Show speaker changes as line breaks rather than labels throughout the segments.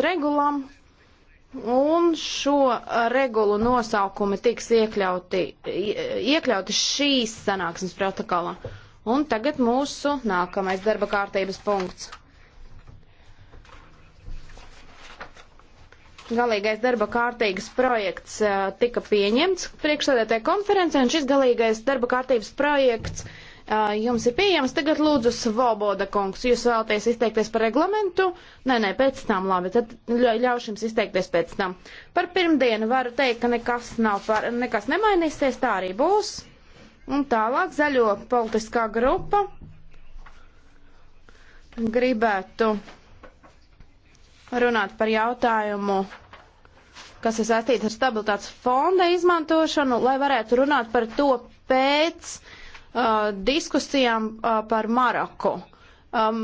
regulām, un šo uh, regulu nosaukumi tiks iekļauti, iekļauti šīs sanāksmes protokolā. Un tagad mūsu nākamais darba kārtības punkts. Galīgais darba kārtības projekts uh, tika pieņemts priekšsēdētāja konferencē, un šis galīgais darba kārtības projekts uh, jums ir pieejams. Tagad lūdzu Svoboda kungs, jūs vēlaties izteikties par reglamentu? Nē, nē, pēc tam labi, tad ļaušu jums izteikties pēc tam. Par pirmdienu varu teikt, ka nekas nav, par, nekas nemainīsies, tā arī būs. Un tālāk zaļo politiskā grupa gribētu runāt par jautājumu kas ir saistīts ar stabilitātes fonda izmantošanu, lai varētu runāt par to pēc uh, Uh, diskusijām uh, par Maroku. Um,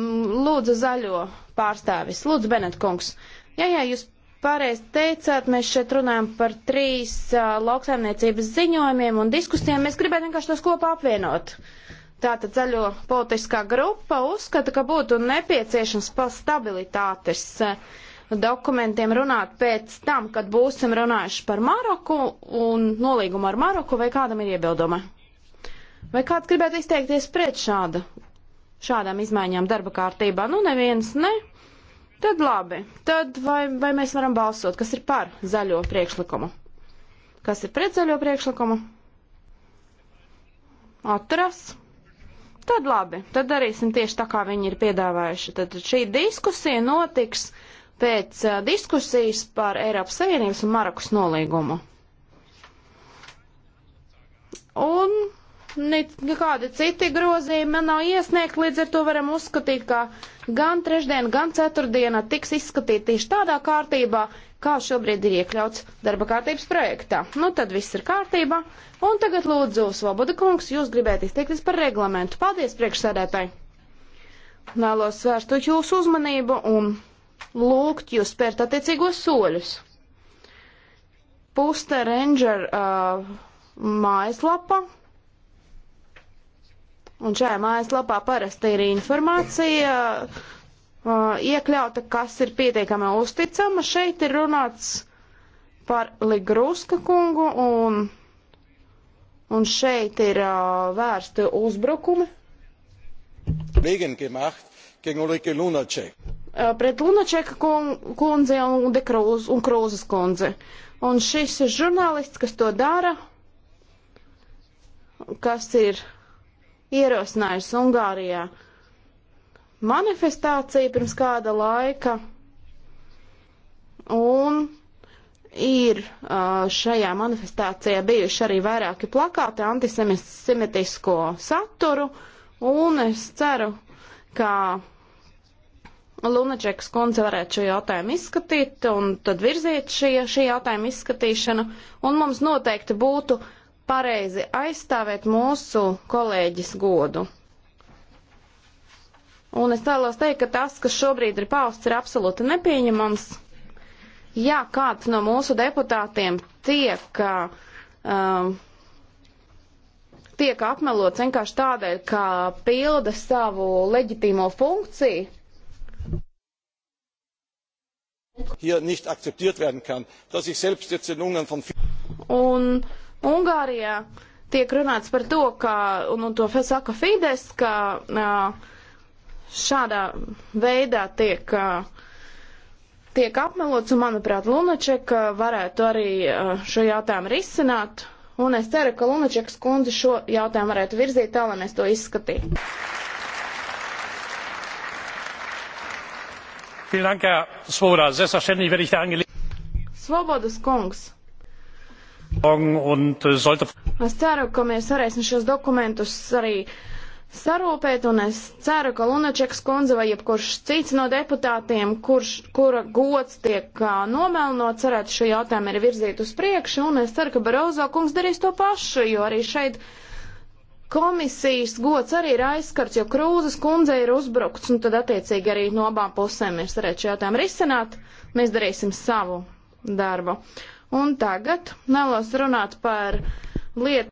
lūdzu, zaļo pārstāvis, lūdzu, Benetkungs. Jā, jā, jūs pareizi teicāt, mēs šeit runājam par trīs uh, lauksaimniecības ziņojumiem un diskusijām. Mēs gribētu vienkārši tos kopā apvienot. Tātad zaļo politiskā grupa uzskata, ka būtu nepieciešams pa stabilitātes dokumentiem runāt pēc tam, kad būsim runājuši par Maroku un nolīgumu ar Maroku vai kādam ir iebildumi. Vai kāds gribētu izteikties pret šāda, šādām izmaiņām darba kārtībā? Nu, neviens, ne? Tad labi. Tad vai, vai mēs varam balsot, kas ir par zaļo priekšlikumu? Kas ir pret zaļo priekšlikumu? Atturas. Tad labi. Tad darīsim tieši tā, kā viņi ir piedāvājuši. Tad šī diskusija notiks pēc uh, diskusijas par Eiropas Savienības un Marakus nolīgumu. nekādi citi grozījumi man nav iesniegt, līdz ar to varam uzskatīt, ka gan trešdien, gan ceturtdienā tiks izskatīt tieši tādā kārtībā, kā šobrīd ir iekļauts darba kārtības projektā. Nu, tad viss ir kārtībā. Un tagad lūdzu, Svoboda kungs, jūs gribētu izteikties par reglamentu. Paldies, priekšsēdētāji! Vēlos vērst jūsu uzmanību un lūgt jūs spērt attiecīgos soļus. Pusta Ranger uh, mājaslapa Un šajā mājaslapā parasti ir informācija uh, iekļauta, kas ir pietiekami uzticama. Šeit ir runāts par Ligruska kungu un, un šeit ir uh, vērsti uzbrukumi. Uh, pret Lunačeka kundzi un, Krūz, un Krūzes kundzi. Un šis žurnālists, kas to dara, kas ir ierosinājusi Ungārijā manifestāciju pirms kāda laika, un ir šajā manifestācijā bijuši arī vairāki plakāti antisemitisko saturu, un es ceru, ka Lunačekas kundze varētu šo jautājumu izskatīt un tad virziet šī, šī jautājuma izskatīšanu, un mums noteikti būtu pareizi aizstāvēt mūsu kolēģis godu. Un es vēlos teikt, ka tas, kas šobrīd ir pausts, ir absolūti nepieņemams. Ja kāds no mūsu deputātiem tiek, um, tiek apmelots vienkārši tādēļ, ka pilda savu leģitīmo funkciju, hier nicht akzeptiert werden kann, dass ich selbst jetzt in Ungarn von Un Ungārijā tiek runāts par to, ka, un, un to saka Fides, ka šādā veidā tiek, tiek apmelots, un, manuprāt, Lunačeka varētu arī šo jautājumu risināt, un es ceru, ka Lunačekas kundze šo jautājumu varētu virzīt tā, lai mēs to izskatītu. Svobodas kungs, Es ceru, ka mēs varēsim šos dokumentus arī sarūpēt, un es ceru, ka Lunačeks kundze vai jebkurš cits no deputātiem, kurš, kura gods tiek uh, nomelnots, cerētu šo jautājumu ir virzīt uz priekšu, un es ceru, ka Barozo kungs darīs to pašu, jo arī šeit komisijas gods arī ir aizskarts, jo Krūzes kundze ir uzbrukts, un tad attiecīgi arī no abām pusēm ir sarēt šo jautājumu risināt, mēs darīsim savu darbu. Uh, Un tagad vēlos runāt par lietu.